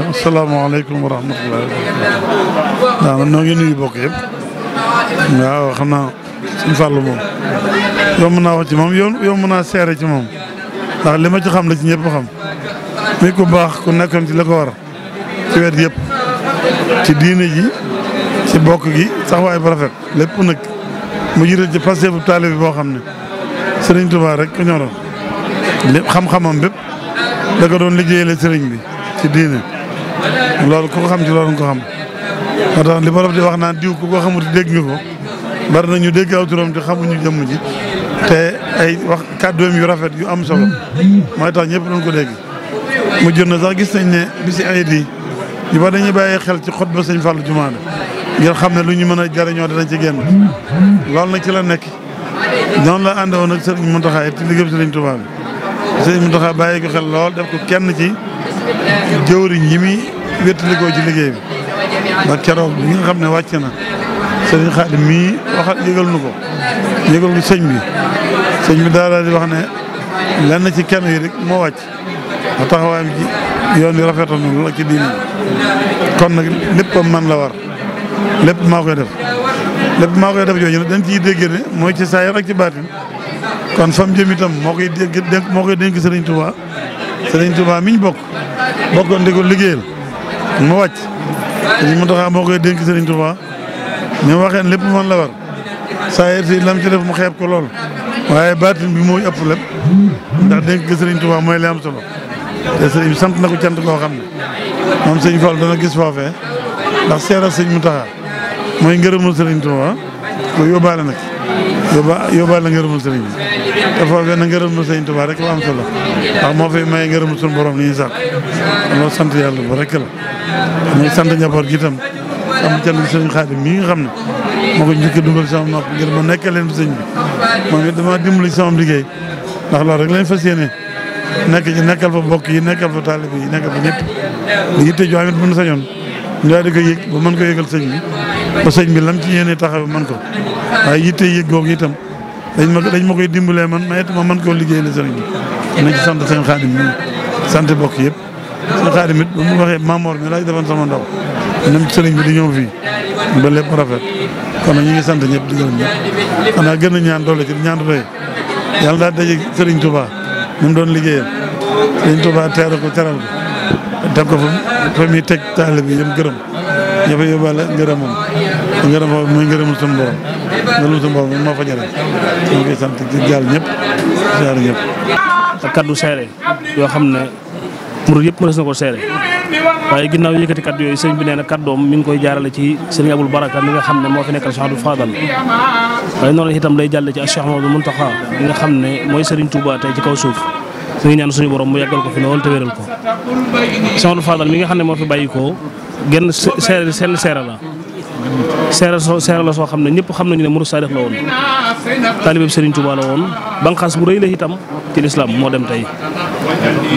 asalaamaaleykum wa rahmatulah. waaw noo ngi nuyu bokk yëpp. waaw xam naa suñu fàllu moom. yomb naa wax ci moom yomb naa seere ci moom. ndax li ma ci xam la ci ñëpp xam. muy ku baax ku nekkoon ci la ko war ci wet yépp ci diine ji. ci bokk gi sax waaye bu rafet lépp nag mu jiral ci passé bu taalibe bi boo xam ne sëriñ Tuubaa rek ko ñoroon xam-xamam bépp da ko doon liggéeyale sëriñ bi ci diine loolu ko xam ci loolu nga ko xam moo tax li borom di wax naan diw ku ko xamut dégg nga ko bari na ñu dégg aw turam te xamuñu jëmm ji te ay wax kàddoom yu rafet yu am solo mooy tax ñëpp doon ko dégg mu jot na sax gis nañ ne bi si ayit yi ñu ba dañuy bàyyi xel ci xot ba sëñ Fallou jumaa bi ngeen xam ne lu ñu mën a jariñoo danañ ci génn loolu nag ci la nekk noonu la àndoon ak sëriñ Mountakha ci liggéeyam sëriñ Touba bi sëriñ Mountakha bàyyi ko xel lool def ko kenn ci jëwriñ yi mi wéttalikoo ci liggéey bi ca keroog bi nga xam ne wàcc na sëriñ Xaadim mii waxal yëgal nu ko yëgal nu sëñ bi sëñ bi daal di wax ne lenn ci kenn yi rek moo wàcc ba taxawaayam ci yoon wi rafetoon na lool ci diine kon nag léppam man la war lépp maa koy def lépp maa koy def jooju nag dañ ciy dégg ne mooy ci saayir ak ci baatin kon fam jëm itam moo koy dégg moo Serigne Touba miñ bokk bokk di ko liggéeyal mu wàcc dañu ma taxaa moo koy dénk Serigne Touba mi waxeen lépp man la war saa si lam ci def mu xeeb ko lool waaye baatin bi mooy ëpp lépp ndax dénk ko Serigne mooy li am solo te sëriñ bi sant na ko cant koo xam ne moom sëñ Fall dana gis foofee ndax seera sëñ mu taxaa mooy ngërëmul Serigne Touba ko yóbbaale nag yóbbaale ngërëmul Serigne bi te foofee na ngërëmul sëñ Tuubaa rek la am solo ndax moo fi may ngërëmul suñu borom li ñuy sàkk loolu sant yàlla bu rek gi itam am cant sëñ Xaadim mi nga moo ko njëkk dugal sama ma nekk leen sëñ bi moom it dama dimbali sama liggéey ndax loolu rek lañ fas yéene nekk ci fa mbokk yi nekkal fa taalib yi nekkal fa ñëpp di yitte joo amit mën sañoon ñoo di ko yëg ba mën ko yëgal sëñ bi ba sëñ bi lam ci yéene taxaw man ko waaye yitte yëg googu itam dañ ma dañ ma koy dimbalee man ma it ma mën koo liggéey la sëriñ bi nañ ci sant sëñ Xaadim mi bokk yëpp sëñ Xaadim it ba mu waxee Mamor mi laaj defoon sama ndaw nam sëriñ bi di ñëw fii ba lépp rafet kon nag ñu ngi sant ñëpp di gërëm ñëpp xanaa gën na ñaan doole ci ñaan doole yàlla daal daje sëriñ Touba ni mu doon liggéeyam sëriñ Touba teeru ko teral ko teg ko fa fa muy teg taalibe bi yëm gërëm ñëpp yóbbaale ngërëmam ngërëm boobu muy ngërëmul suñu borom ngërëmul suñu borom moo fa ñeneen ñu ngi koy sant di jàll ñëpp di jaar kaddu seere yoo xam ne murid yëpp mënees na ko seere waaye ginnaaw yëkkati kaddu yooyu sëñ bi nee na kaddoom mi ngi koy jaarale ci sëriñ Abul Baraka mi nga xam ne moo fi nekkal Cheikh Abdou Fadal waaye noonu itam day jàll ci ak Cheikh Mamadou Mountakha mi nga xam ne mooy sëriñ Touba ci kaw suuf ñu ngi ñaan suñu borom mu yeggal ko fi lool te wéral ko Cheikh Abdou Fadal mi nga xam ne moo fi bàyyi ko genn seere seen seere la seere soo seere la soo xam ne ñëpp xam nañu ne Mourou Sadikh la woon taalibeeb Serigne Touba la woon banqaas bu rëy la itam ci lislaam moo dem tey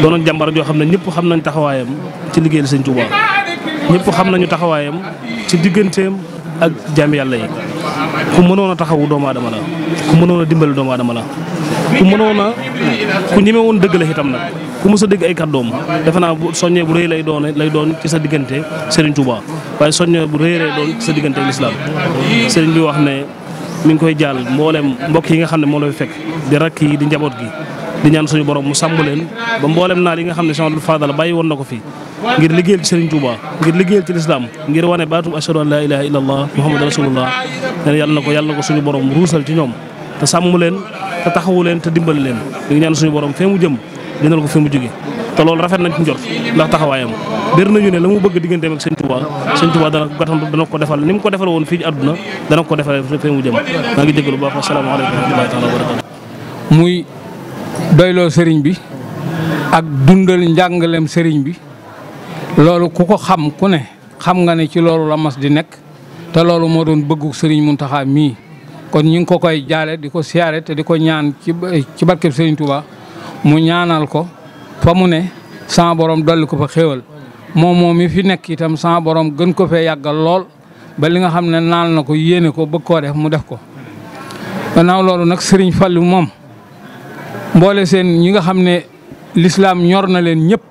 doonoon jàmbar joo xam ne ñëpp xam nañ taxawaayam ci liggéeyal Serigne Touba ñëpp xam nañu taxawaayam ci digganteem ak jaami yàlla yi ku mënoon taxawu doomu aadama la ku mënoon a dimbali doomu aadama la ku mënoon a ku ñeme woon dëgg la itam nag ku mës a dégg ay doom defe naa bu soññee bu rëy lay doon lay doon ci sa diggante Serigne Touba waaye soññee bu rëy lay doon ci sa diggante lislaam sëriñ bi wax ne mi ngi koy jàll mboolem mbokk yi nga xam ne moo lay fekk di rakk yi di njaboot gi. di ñaan suñu borom mu sàmm leen ba mboolem naal yi nga xam ne Cheikh Abdoul Fadal bàyyi woon na ko fi ngir liggéeyal ci Serigne Touba ngir liggéeyal ci lislaam ngir wane baatub ashhadu an laa ilaaha illallah muhammadu rasulullah nee yàlla na ruusal ci ñoom te sàmm leen te taxawu leen te dimbali leen di ñaan suñu borom fee mu jëm dina ko fee mu jóge te loolu rafet nañ ci njort ndax taxawaayam bir nañu ne la mu bëgg digganteem ak sëñ Touba sëñ Touba dana ko gàttandu ko defal ni mu ko defal woon fii ci àdduna dana ko defal fee mu jëm maa ngi doyloo sëriñ bi ak dundal njàngalem sëriñ bi loolu ku ko xam ku ne xam nga ne ci loolu la mas di nekk te loolu moo doon bëggu sëriñ Muntaxa mii kon ñu ngi ko koy jaale di ko siyaare te di ko ñaan ci ci barkeb sëriñ Touba mu ñaanal ko fa mu ne sa borom dolli ko fa xéewal moom moom mi fi nekk itam sa borom gën ko fee yàggal lool ba li nga xam ne naal na ko yéene ko bëgg koo def mu def ko gannaaw loolu nag sëriñ Fallu moom mboole seen ñi nga xam ne lislaam ñor na leen ñëpp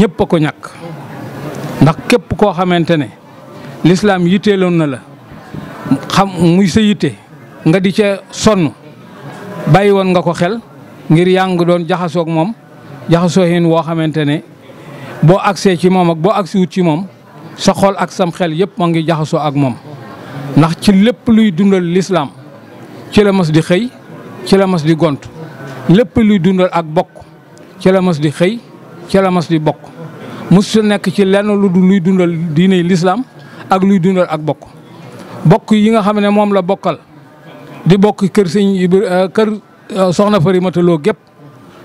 ñëpp a ko ñàkk ndax képp koo xamante ne lislaam yitteeloon na la xam muy sa yitte nga di ca sonn bàyyi woon nga ko xel ngir yàng doon jaxasoog moom jaxasoo hin woo xamante ne boo agsee ci moom ak ci moom sa xol ak sam xel yëpp ngi jaxasoo ak moom ndax ci lépp luy dundal lislaam ci la mas di xëy ci la mas di gont lépp luy dundal ak bokk ci la di xëy ci la di bokk mosu nekk ci lenn lu dul luy dundal diiney lislaam ak luy dundal ak bokk bokk yi nga xam ne moom la bokkal di bokk kër sëñ euh, kër euh, soxna gépp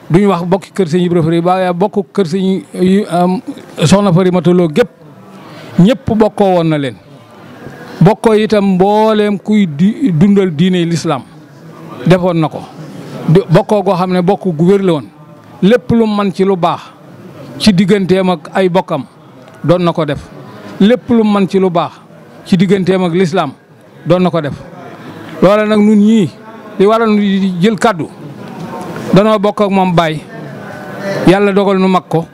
duñu wax bokk kër sëñ Ibra Fari waaye bokk kër sëñ euh, soxna Farimata Lo gépp ñëpp bokkoo woon na leen bokkoo itam mbooleem kuy di dundal yi lislaam defoon na ko di boko go xamne bokk gu wér la lepp lu man ci lu bax ci digganteem ak ay bokam don nako def lepp lu man ci lu bax ci digganteem ak l'islam don nako def lolé nag nun ñi di waral di jël kàddu dano bokk ak mom bay yalla dogal nu makko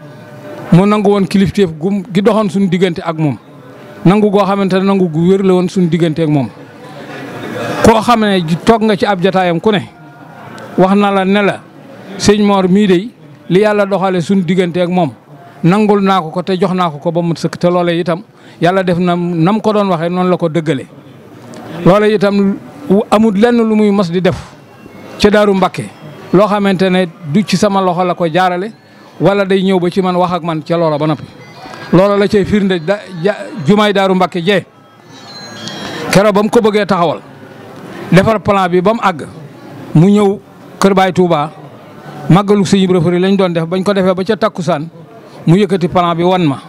ko nangu won kilifteef gu gi doxon suñu diggante ak mom nangu go xamantene nangu gu wér la suñu ak mom ko xam tok nga ci ab jotaayam ku ne wax na la ne la sëñ Mor mii de li yàlla doxale suñu diggante ak moom nangul naa ko ko te jox naa ko ko ba mu sëkk te loolee itam yàlla def na nam ko doon waxee noonu la ko dëggale loole itam amul lenn lu muy mas di def ca Daaru Mbakke loo xamante ne du ci sama loxo la ko jaarale wala day ñëw ba ci man wax ak man ca loola ba noppi loola la cay firnde da jumaay Daaru Mbakke jee keroog ba mu ko bëggee taxawal defar plan bi ba mu àgg mu ñëw kër bay Touba magalu seigne Ibra lañ doon def bañ ko defé ba ca takusan mu yëkëti plan bi wan ma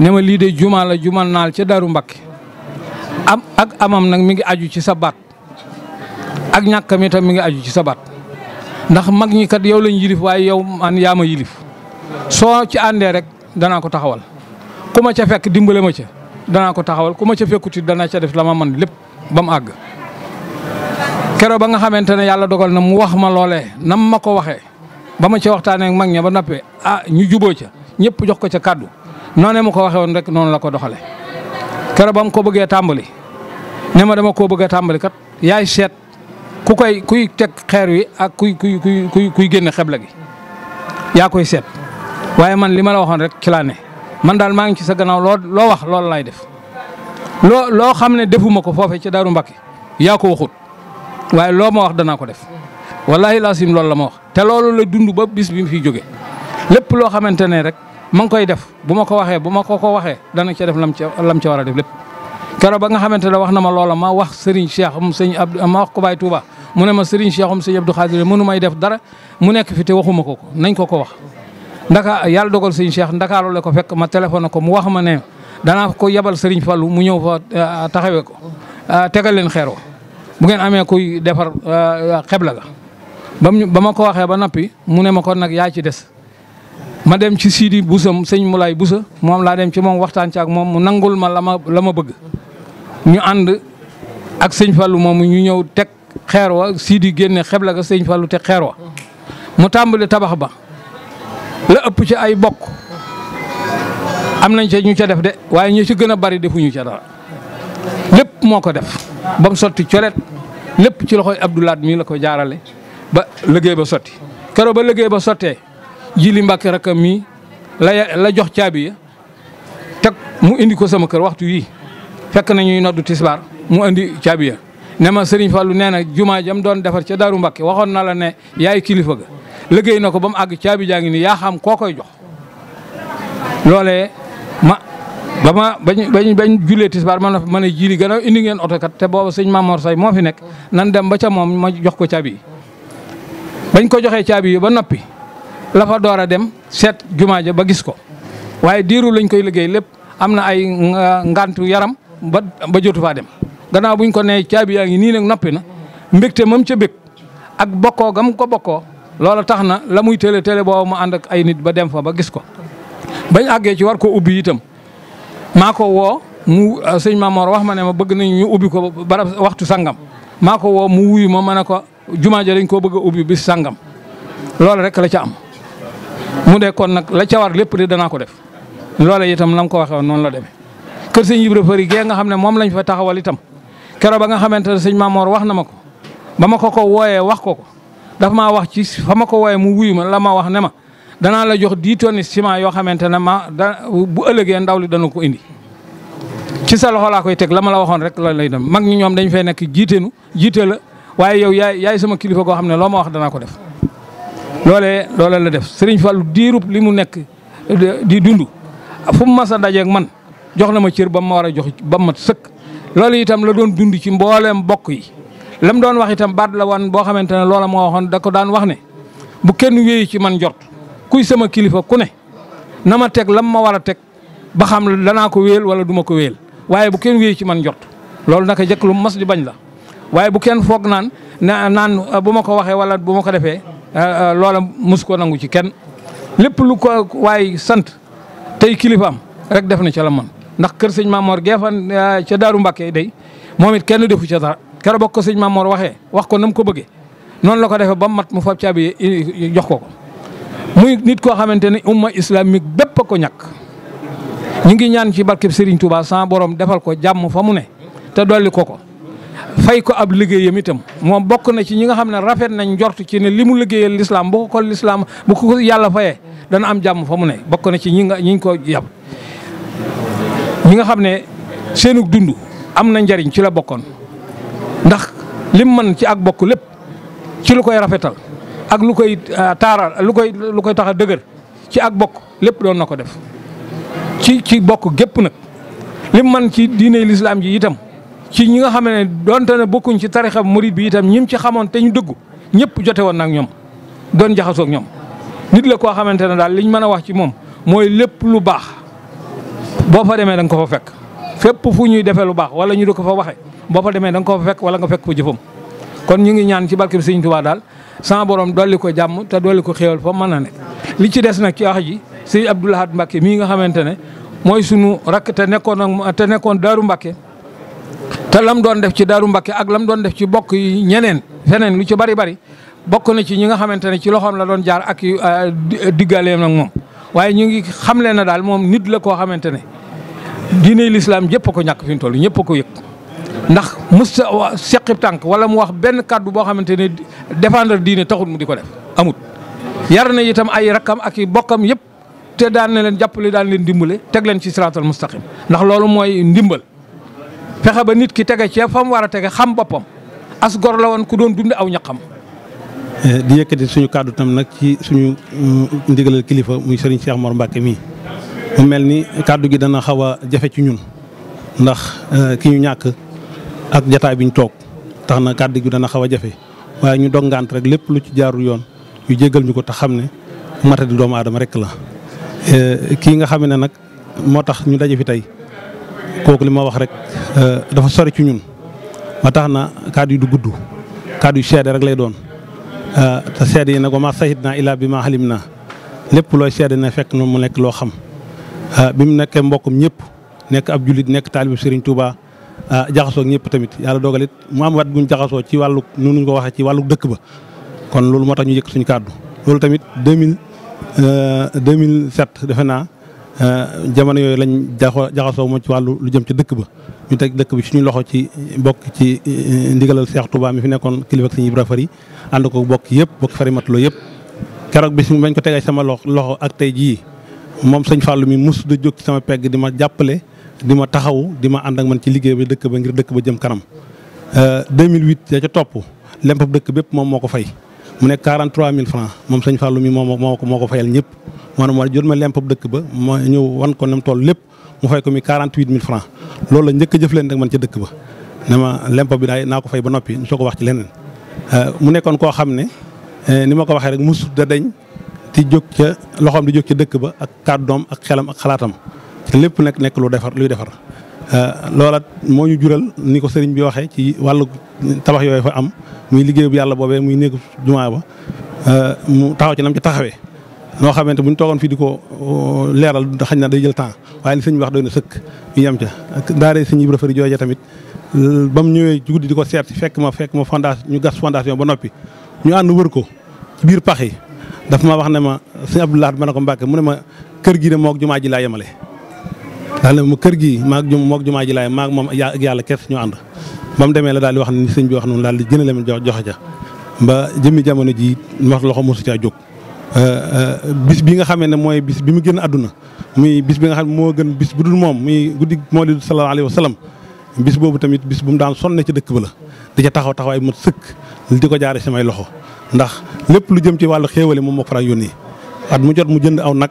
ne ma juma la juma naal ca daru mbacké am ak amam nang mi ngi aju ci sa bat ak ñakami tam mi ngi aju ci sa bat ndax mag ñi kat yow lañ yilif way yow man yaama yilif so ci andé rek dana ko taxawal kuma ca fekk dimbalé ma ca dana ko taxawal kuma ca fekkuti dana ca def lama man lepp bam kero ba nga xamante ne yàlla dogal na mu wax ma loolee nam ma ko waxee ba ma ci waxtaanee mag ña ba nappee ah ñu juboo ca ñëpp jox ko ca kàddu noonee ma ko waxee woon rek noonu la ko doxale kero ba mu ko bëggee tàmbali ne ma dama koo bëggee tàmbali kat yaay seet ku koy kuy teg xeer wi ak kuy kuy kuy kuy génne xebla gi yaa koy seet waaye man li ma la waxoon rek ci laa ne man daal maa ngi ci sa gannaaw loo loo wax loolu laay def loo loo xam ne defuma ko foofe ca Daaru Mbakke yaa ko waxut waye lo ma wax dana ko def wallahi laasim lol la ma wax te lolou la dund ba bis bi mu fi jóge lépp lo xamantene rek mang koy def buma ko waxe buma ko ko waxe dana ci def lam ci lam ci wara def lépp kero ba nga xamantene wax na ma lolou ma wax Serigne Cheikh mu serigne Abdou ma wax ko bay Touba mu ma Serigne Cheikh mu serigne Abdou Khadir munu may def dara mu nek fi te waxuma ko ko nañ ko ko wax ndaka yàlla dogal serigne Cheikh ndaka ndakaaru la ko fek ma téléphone ko mu wax ma ne dana ko yabal Serigne Fallou mu ñëw fa taxawé ko tegal len xéro bu ngeen amee kuy defar euh, euh, xebla ga ba mu ba ma ko waxee ba noppi mu ne ma kon nag yaa ci des ma dem ci Sidi Boussa sëñ Moulay Boussa moom laa dem ci moom waxtaan ci moom mu nangul ma la ma la ma bëgg ñu ànd ak sëñ Fallou moomu ñu ñëw teg xeer wa Sidi génne xebla ga sëñ Fallou teg xeer wa mu tàmbali tabax ba la ëpp ci ay bokk am nañ ca ñu ca def de waaye ñu ci gën a bari defuñu ca dara lépp moo ko def. ba mu sotti colet lépp ci loxoy Abdoulaat mii la ko jaarale ba liggéey ba sotti keroog ba liggéey ba sottee jili Mbàkke rakam mii la la jox caabi ya teg mu indi ko sama kër waxtu yii fekk nañu ñuy noddu tisbaar mu indi caabi ya ne ma Serigne Fallou nee na jumaa jam doon defar ca Daaru Mbàkke waxoon na la ne yaay kilifa ga liggéey na ko ba mu àgg caabi jaa ngi nii yaa xam koo koy jox loolee ma ba ma bañ bañ bañ jullee tisbaar man ma ne jiili gannaaw indi ngeen oto kat te booba sëñ Mamor Say moo fi nekk nan dem ba ca moom ma jox ko caabi yi bañ ko joxee caabi yi ba noppi la door a dem seet jumaa ja ba gis ko waaye diiru lañ koy liggéey lépp am na ay ngantu yaram ba ba faa dem. gannaaw buñ ko nee caabi yaa ngi nii nag noppi na mbégte moom ca bég ak bokkoo gam ko bokkoo loola tax na la muy télé télé booba mu ànd ak ay nit ba dem fa ba gis ko bañ àggee maa ko woo mu euh, sëñ Mamor wax ma ne ma bëgg nañ ñu ubbi ko barab waxtu sangam maa ko woo mu wuyu ma ma ne ko jumaa ja dañ koo bëgg a ubbi bis sangam loolu rek la ca am. mu de kon nag la ca war lépp de danaa ko def loole itam la ko waxee woon noonu la demee kër sëñ Ibra Fari gee nga xam ne moom lañ fa taxawal itam keroog ba nga xamante ne sëñ Mamor wax na ma ko ba ma ko ko wooyee wax ko ko dafa maa wax ci fa ma ko wooyee mu wuyu ma la ma wax ne ma. dana la jox 10 tonnes ciment yo xamantene ma bu ëllëgee ndawli li dana ko indi ci sa loxo la koy tek lama la waxoon rek la lay dem mag ñi ñom dañ fay nekk jiiteenu jité la waye yow yaay yaay sama kilifa go xamne lo ma wax dana ko def lolé lolé la def Serigne fallu dirup limu nek di dundu fu ma sa dajé ak man jox na ma cër ba ma wara jox ba ma sekk lolé itam la doon dund ci mbolem bokk yi lam doon wax itam bad la won bo xamantene lolé mo moo da ko daan wax ne bu kenn wéeyi ci man jott kuy sama kilifa ku ne na ma teg lam ma war a teg ba xam danaa ko wéel wala duma ko wéel waaye bu kenn wéy ci man jot loolu naka jëkk lu mas di bañ la waaye bu kenn foog naan na naan uh, bu ma ko waxee wala bu ma ko defee uh, uh, loola mus ko nangu ci kenn lépp lu ko waaye sant tey kilifaam rek def na ca la man ndax kër sëñ Mamor geefan ca Daaru Mbàkke day moom kenn defu ca dara keroog bokk ko sëñ waxee wax ko na ko bëggee noonu la ko defee ba mat mu muy nit koo xamante ne umma islamique bépp ko ñàkk ñu ngi ñaan ci barkeb Serigne Touba sans borom defal ko jàmm fa mu ne te dolli ko ko fay ko ab liggéeyam itam moom bokk na ci ñi nga xam ne rafet nañ njort ci ne li mu liggéeyal lislaam bu ko lislaam bu ko yàlla fayee dana am jàmm fa mu ne bokk na ci ñi nga ñi ko yab ñi nga xam ne seenug dund am na njariñ ci la bokkoon ndax lim mën ci ag bokk lépp ci lu koy rafetal ak lu koy euh, taaral lu koy lu koy tax a dëgër ci ak bokk lépp doon na ko def ci ci bokk gépp nag lim man ci diine lislaam ji itam ci ñi nga xam ne donte ne bokkuñ ci tarixa murid bi itam ñim ci xamoon te ñu dëggu ñëpp jote woon nag ñoom doon jaxasoo ñoom nit la koo xamante ne daal liñ mën a wax ci moom mooy lépp lu baax boo fa demee da nga ko fa fekk fépp fu ñuy defee lu baax wala ñu du ko fa waxe boo fa demee da ko fa fekk wala nga fekk fa jëfam ñu ngi ñaan ci barke bi Sëriñ Tuubaa daal sama borom dolli ko jàmm te dolli ko xéewal fa mën na li ci des nag ci wax ji si Abdou Lahad mi mii nga xamante ne mooy sunu rakk te nekkoon ak te nekkoon Daaru Mbacké te lam doon def ci Daaru Mbacké ak lam doon def ci bokk yi ñeneen feneen lu ci bari bari bokk na ci ñi nga xamante ne ci loxoom la doon jaar ak ah, diggaleem nag moom waaye ñu ngi xam leen na daal moom nit la koo xamante ne diine lislaam jëpp ko ñàkk fi mu toll ñëpp ko yëg ndax mës a seqib tànk wala mu wax benn kàddu boo xamante ne défendre diine taxul mu di ko def amut. yar na itam ay rakkam ak i bokkam yëpp te daan na leen jàppale daan leen dimbale teg leen ci siraatal mustaqim ndax loolu mooy ndimbal fexe ba nit ki tege ci fa mu war a tege xam boppam as la woon ku doon dunde aw ñaqam. Eh, di yëkkati suñu kàddu tam nag ci suñu mm, ndigalal kilifa muy Serigne Cheikh Mor Mbacke mii mu mel ni kàddu gi dana xaw a jafe ci ñun ndax eh, ki ñu ñàkk. ak jataay bi ñu toog tax na kàddu gi na xaw a jafe waaye ñu dongant rek lépp lu ci jaarul yoon ñu jéggal ñu ko te xam ne matadi doomu aadama rek la. Eh, kii nga xame ne nag moo tax ñu daje fi tey kooku li ma wax rek eh, dafa sori ci ñun ba tax na kàddu yi du gudd kàddu yu seede rek lay doon eh, te seede yi nag wa maa sahid naa illaa bi maa xalim naa lépp looy seede na fekk nu mu nekk loo xam bi mu nekkee mbokkum ñëpp nekk ab jullit nekk taalibu Serigne Touba. Ah, jaxasoo ak ñëpp tamit yàlla dogal it mu am wat buñ jaxasoo ci wàllu nu ñu ko waxee ci wàllu dëkk ba kon loolu moo tax ñu yëkk suñu kàddu loolu tamit 2000 2007 euh, defe naa euh, jamono yooyu lañ jaxasoo moom ci wàllu lu jëm ci dëkk ba ñu teg dëkk bi suñu loxo ci bokk ci euh, ndigalal Cheikh Touba mi fi nekkoon kilifa Serigne Ibra Fari ànd ko bokk yëpp bokk farimatuloo yëpp keroog bis mi bañ ko tegee sama loxo loxo ak tey jii moom sëñ Fallou mi mus da jóg sama pegg di ma jàppale di ma taxaw di ma ànd ak man ci liggéey bi dëkk ba ngir dëkk ba jëm kanam 2008 euh, ya ca topp lempab dëkk bépp moom moo ko fay mu nekk 43000 francs moom sëñ Fallou mi moom moo ko moo ko fayal ñëpp maanaam wala jot ma lempab dëkk ba ma ñëw wan ko nam toll lépp mu fay ko mi 48000 francs loolu la njëkk a jëf leen rek man ca dëkk ba ne ma lempab bi daay naa ko fay ba noppi soo ko wax ci leneen euh, mu nekkoon koo xam ne euh, ni ma ko waxee rek musu da dañ di jóg ca loxoom di jóg ca dëkk ba ak doom ak xelam ak xalaatam lépp nag nekk lu defar luy defar euh, loola moo ñu jural ni ko sëriñ bi waxee ci wàllu tabax yooyu fa am muy liggéey bu yàlla boobee muy néegu jumaa ba euh, mu taxaw ci nam ci taxawee noo xamante bu ñu toogoon fii di ko euh, leeral xañ na day jël temps waaye li sëñ bi wax doy na sëkk ñu yem ca ak daaree sëñ Ibra Fari tamit ba mu ñëwee ci guddi di ko seet si fekk ma fekk ma fondation ñu gas fondation ba noppi ñu ànd wër ko ci biir pax yi daf ma wax ne ma sëñ Abdoulaye ma ne ko Mbàkke mu ne ma kër gi de moog jumaa ji laa yemale daal ne ma kër gi maag jum moog jumaa ji laay maag moom ak yàlla kese ñu ànd ba mu demee la daal di wax ni sëñ bi wax noonu daal di gën a leen joxe ca ba jëmmi jamono ji wax loxo mosu caa jóg euh, euh, bis bi nga xamee ne mooy bis bi mu gën àdduna muy bis bi nga xam ne moo gën bis bu dul moom muy guddi mawlid sallallahu alayhi wa sallam bis boobu tamit bis bu mu daan sonne ci dëkk ba la di ca taxaw taxaw taxawaay mat sëkk di ko jaare samay loxo ndax lépp lu jëm ci wàllu xéewale moom moo ko faral yónnee at mu jot mu jënd aw nag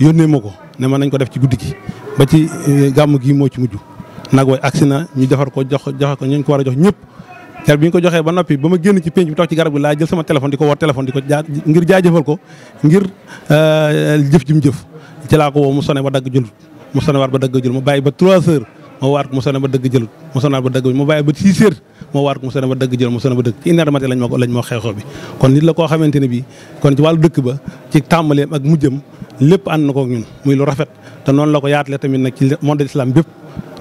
yónnee ma ko ne ma nañ ko def ci guddi gi ba ci eh, gàmm gii moo ci mujj nag way agsi na ñu defar ko jox joxe ko ñu ko war a jox ñëpp car bi ñu ko joxe ba noppi ba ma génn ci penc bi toog ci garab gi laa jël sama téléphone di ko woo téléphone di ko jaa ngir ko ngir eh, jëf ji jëf ci laa ko mu sone ba dagg jëlut mu sone waat ba dagg jëlut mu bàyyi ba 3 heures moo waat ko mu dëgg jëlut mu sone waat ba dëgg mu bàyyi ba moo waat ko mu sone ba dëgg jëlut mu sone ba dëgg ci une nit la koo xamante ne bi kon ci wàllu dëkk ba ci tàmbaleem ak mujjëm lépp ànd na ko ñun muy lu rafet te noonu la ko yaatale tamit nag ci monde l'islam bépp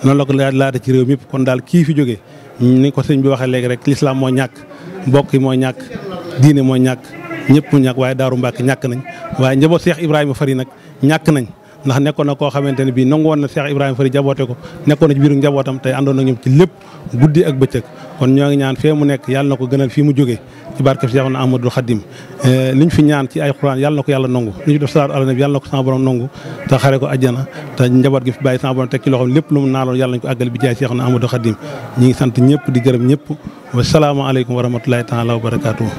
noonu la ko laata ci réew mi kon daal kii fi jógee ni ko sëñ bi waxee léegi rek l'islam moo ñàkk mbokk yi moo ñàkk diine moo ñàkk ñëpp mu ñàkk waaye Daaru Mbàkke ñàkk nañ waaye njaboot Cheikh Ibrahima Fari nag ñàkk nañ ndax nekkoon na koo xamante ne bii nangu woon na Cheikh Ibrahima Fari jaboote ko nekkoon na ci biiru njabootam tey àndoon na ñoom ci lépp guddi ak bëccëg kon ñoo ngi ñaan fee mu nekk yàlla na ko gënal fii mu jógee ci barke Cheikh Ahmadou Khadim eh, liñ fi ñaan ci ay xuraan yàlla na ko yàlla nangu li def salaatu ala nabi yàlla na ko sama borom nangu te xare ko àjjana te njaboot gi fi bàyyi sama borom teg ci loxoom lépp lu mu naaloon yàlla nañ ko àggal bi jaay Cheikh Ahmadou Khadim ñi ngi sant ñëpp di gërëm ñëpp wa salaamu aleykum wa rahmatullahi taala wa barakaatu